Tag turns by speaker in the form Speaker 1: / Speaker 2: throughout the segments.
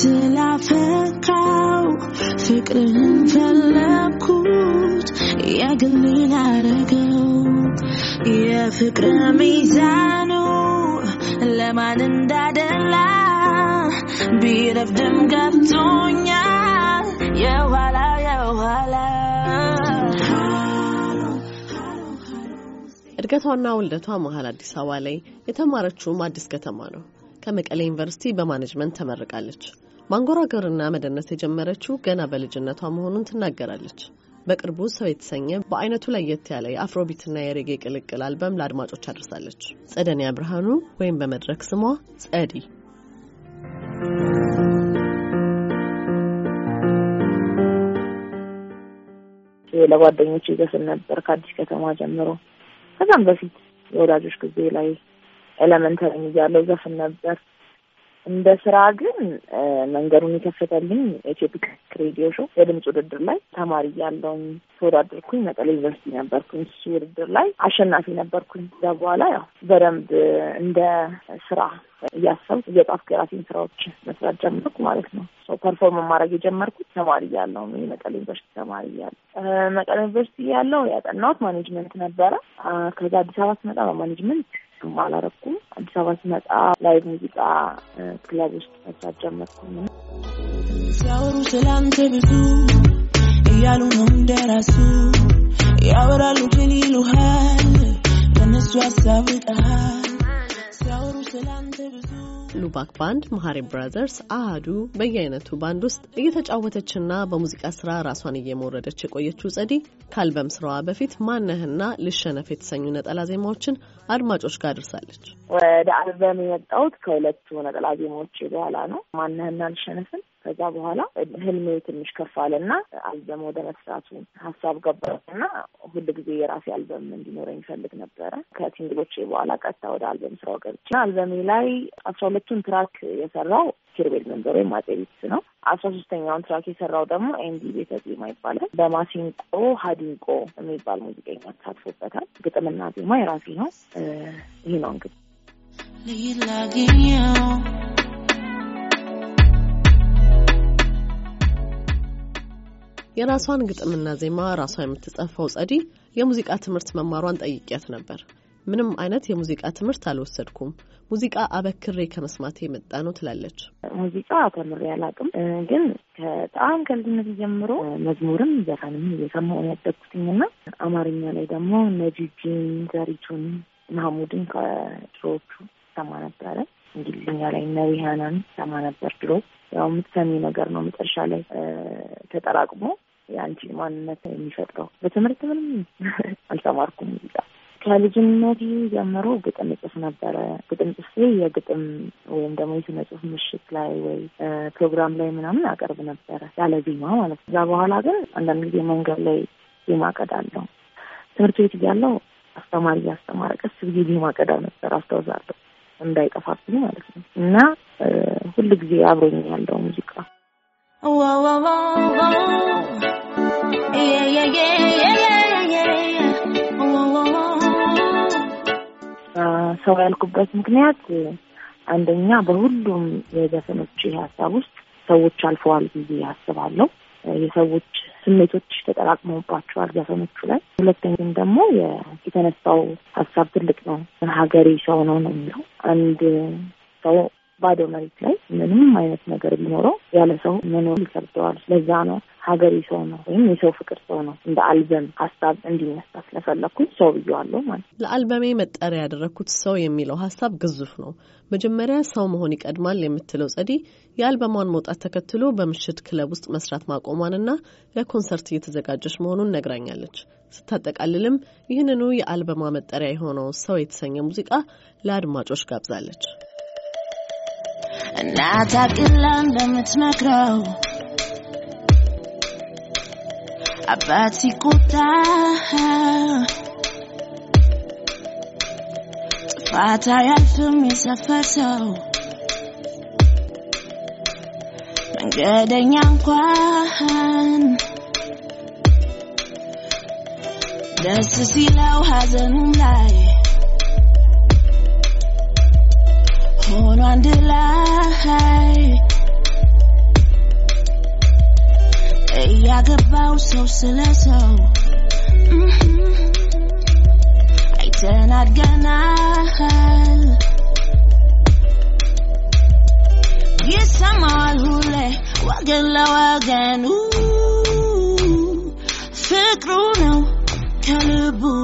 Speaker 1: ስላፈካው ፍቅርን ፈለኩት የግል ላረገው የፍቅር ሚዛኑ ለማን እንዳደላ ቢረፍድም ገብቶኛል የኋላ የኋላ
Speaker 2: እድገቷና ውልደቷ መሀል አዲስ አበባ ላይ የተማረችውም አዲስ ከተማ ነው። ከመቀሌ ዩኒቨርሲቲ በማኔጅመንት ተመርቃለች። ማንጎራገርና መደነስ የጀመረችው ገና በልጅነቷ መሆኑን ትናገራለች። በቅርቡ ሰው የተሰኘ በአይነቱ ለየት ያለ የአፍሮቢትና የሬጌ ቅልቅል አልበም ለአድማጮች አድርሳለች። ጸደኒያ ብርሃኑ ወይም በመድረክ ስሟ ጸዲ
Speaker 3: ለጓደኞች ይዘፍን ነበር ከአዲስ ከተማ ጀምሮ። ከዛም በፊት የወዳጆች ጊዜ ላይ ኤለመንተሪ እያለው ዘፍን ነበር። እንደ ስራ ግን መንገዱን የከፈተልኝ የኢትዮፒክ ሬዲዮ ሾው የድምፅ ውድድር ላይ ተማሪ ያለውን ተወዳደርኩኝ። መቀሌ ዩኒቨርሲቲ ነበርኩኝ። እሱ ውድድር ላይ አሸናፊ ነበርኩኝ። እዛ በኋላ ያው በደንብ እንደ ስራ እያሰብ እየጻፍኩ የራሴን ስራዎች መስራት ጀመርኩ ማለት ነው። ፐርፎርም ማድረግ የጀመርኩት ተማሪ ያለው መቀሌ ዩኒቨርሲቲ ተማሪ ያለ መቀሌ ዩኒቨርሲቲ ያለው ያጠናሁት ማኔጅመንት ነበረ። ከዛ አዲስ አበባ ስመጣ በማኔጅመንት እሱም አላረኩም። አዲስ አበባ ስመጣ ላይ ሙዚቃ ክለብ ውስጥ መስራት ጀመርኩኝ። ሲያወሩ ስላንተ ብዙ
Speaker 1: እያሉ ነው እንደራሱ ያወራሉ፣ ግን ይሉሃል
Speaker 2: በነሱ ሀሳብ ጣሃል ባክ ባንድ፣ መሐሪ ብራዘርስ፣ አህዱ በየአይነቱ ባንድ ውስጥ እየተጫወተችና በሙዚቃ ስራ ራሷን እየመወረደች የቆየችው ጸዲ ከአልበም ስራዋ በፊት ማነህና ልሸነፍ የተሰኙ ነጠላ ዜማዎችን አድማጮች ጋር አድርሳለች።
Speaker 3: ወደ አልበም የመጣሁት ከሁለቱ ነጠላ ዜማዎች በኋላ ነው። ማነህና ልሸነፍን ከዛ በኋላ ህልሜ ትንሽ ከፍ አለና አልበም ወደ መስራቱ ሀሳብ ገባና ሁል ጊዜ የራሴ አልበም እንዲኖረኝ ይፈልግ ነበረ። ከሲንግሎቼ በኋላ ቀጥታ ወደ አልበም ስራው ገብቼ አልበሜ ላይ አስራ ሁለቱን ትራክ የሰራው ኪሩቤል መንበር ወይም አጼ ነው። አስራ ሶስተኛውን ትራክ የሰራው ደግሞ ኤንዲ ቤተ ዜማ ይባላል። በማሲንቆ ሀዲንቆ የሚባል ሙዚቀኛ ተሳትፎበታል። ግጥምና ዜማ የራሴ ነው። ይህ ነው እንግዲህ
Speaker 2: የራሷን ግጥምና ዜማ ራሷ የምትጸፈው ጸዲ የሙዚቃ ትምህርት መማሯን ጠይቄያት ነበር። ምንም አይነት የሙዚቃ ትምህርት አልወሰድኩም፣ ሙዚቃ አበክሬ ከመስማቴ የመጣ ነው ትላለች። ሙዚቃ ተምሬ አላውቅም፣ ግን በጣም ከልጅነት ጀምሮ
Speaker 3: መዝሙርም ዘፈንም እየሰማሁ ነው ያደግኩትኝና አማርኛ ላይ ደግሞ ነጂጂን፣ ዘሪቱን፣ ማህሙድን ከድሮዎቹ ሰማ ነበረ። እንግሊዝኛ ላይ እነ ሰማ ነበር ድሮ። ያው የምትሰሚ ነገር ነው መጨረሻ ላይ ተጠራቅሞ የአንቺን ማንነት ነው የሚፈጥረው። በትምህርት ምንም አልተማርኩም ይዛ ከልጅነት ጀምሮ ግጥም ጽፍ ነበረ። ግጥም ጽፌ የግጥም ወይም ደግሞ የስነ ጽሁፍ ምሽት ላይ ወይ ፕሮግራም ላይ ምናምን አቀርብ ነበረ ያለ ዜማ ማለት ነው። እዛ በኋላ ግን አንዳንድ ጊዜ መንገድ ላይ ዜማ ቀዳለው። ትምህርት ቤት እያለው አስተማሪ እያስተማረ ቀስ ብዬ ዜማ ቀዳ ነበር አስታውሳለሁ፣ እንዳይጠፋብኝ ማለት ነው እና ሁሉ ጊዜ አብሮኝ ያለው ሙዚቃ ሰው ያልኩበት ምክንያት አንደኛ በሁሉም የዘፈኖች ሀሳብ ውስጥ ሰዎች አልፈዋል ብዬ አስባለሁ። የሰዎች ስሜቶች ተጠራቅመውባቸዋል ዘፈኖቹ ላይ። ሁለተኛም ደግሞ የተነሳው ሀሳብ ትልቅ ነው። ሀገሬ ሰው ነው ነው የሚለው አንድ ሰው ባዶ መሬት ላይ ምንም አይነት ነገር ቢኖረው ያለ ሰው መኖር ይከብደዋል። ለዛ ነው ሀገሬ ሰው ነው ወይም የሰው ፍቅር ሰው ነው እንደ አልበም ሀሳብ እንዲነሳ ስለፈለግኩኝ ሰው ብዬዋለሁ ማለት
Speaker 2: ነው። ለአልበሜ መጠሪያ ያደረግኩት ሰው የሚለው ሀሳብ ግዙፍ ነው። መጀመሪያ ሰው መሆን ይቀድማል የምትለው ጸዲ የአልበሟን መውጣት ተከትሎ በምሽት ክለብ ውስጥ መስራት ማቆሟንና ለኮንሰርት እየተዘጋጀች መሆኑን ነግራኛለች። ስታጠቃልልም ይህንኑ የአልበሟ መጠሪያ የሆነው ሰው የተሰኘ ሙዚቃ ለአድማጮች ጋብዛለች። እና ታቅላ እንደምትመክረው
Speaker 1: አባት ሲቆጣ ጥፋት አያልፍም የሰፈር ሰው መንገደኛ እንኳን ደስ ሲለው ሀዘኑም ላይ moon on the light. Hey, I get bounce so sileso. Mm -hmm. I turn out ganal. Yes, I'm all hule. Wagen la wagen. Ooh, fikru no, kalibu.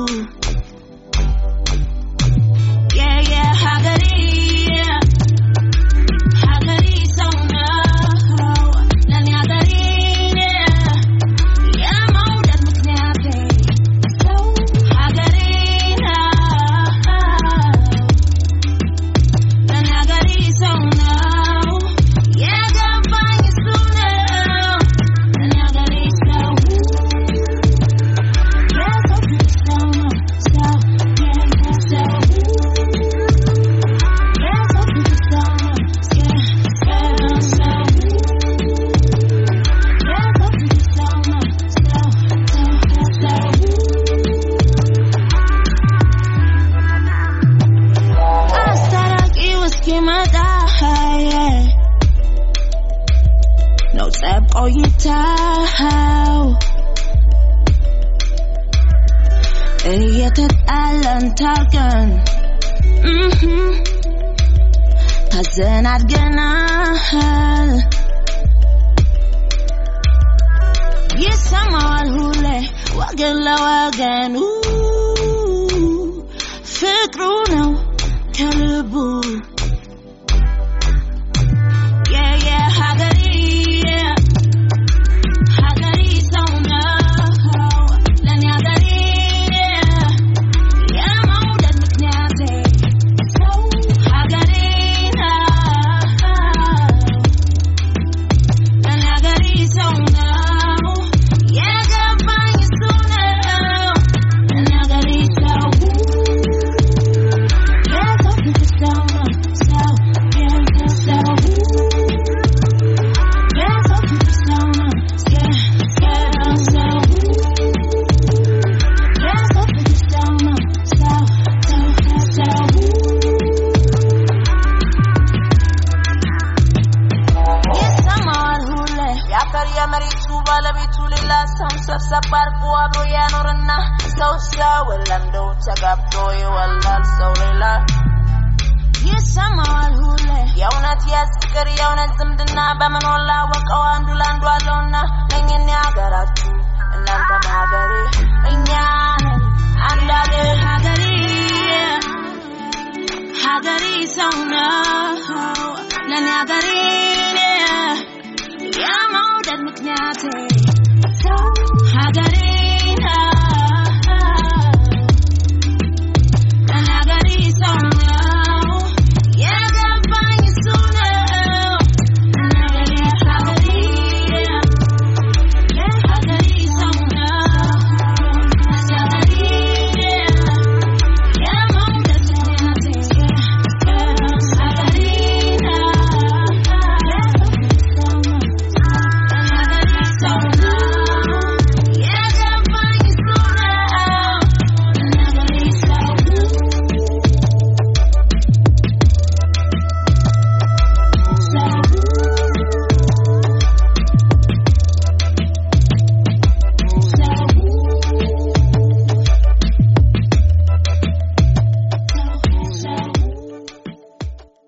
Speaker 1: tao Iyatid alan tarkan Tazinat ganahal Yisama wal hule Wagilla waganu فكرنا كلبو መሬቱ ባለቤቱ ሌላ ሰውን ሰብሰብ አርጎ አብሮ ያኖርና ሰው ሲያወላምደው ተጋብቶ ይወላል ሰው ሌላ ይሰማዋል ሁሌ የእውነት የፍቅር የእውነት ዝምድና በምን ወቀው አንዱ ለአንዱ አለውና ነኝን ያገራችሁ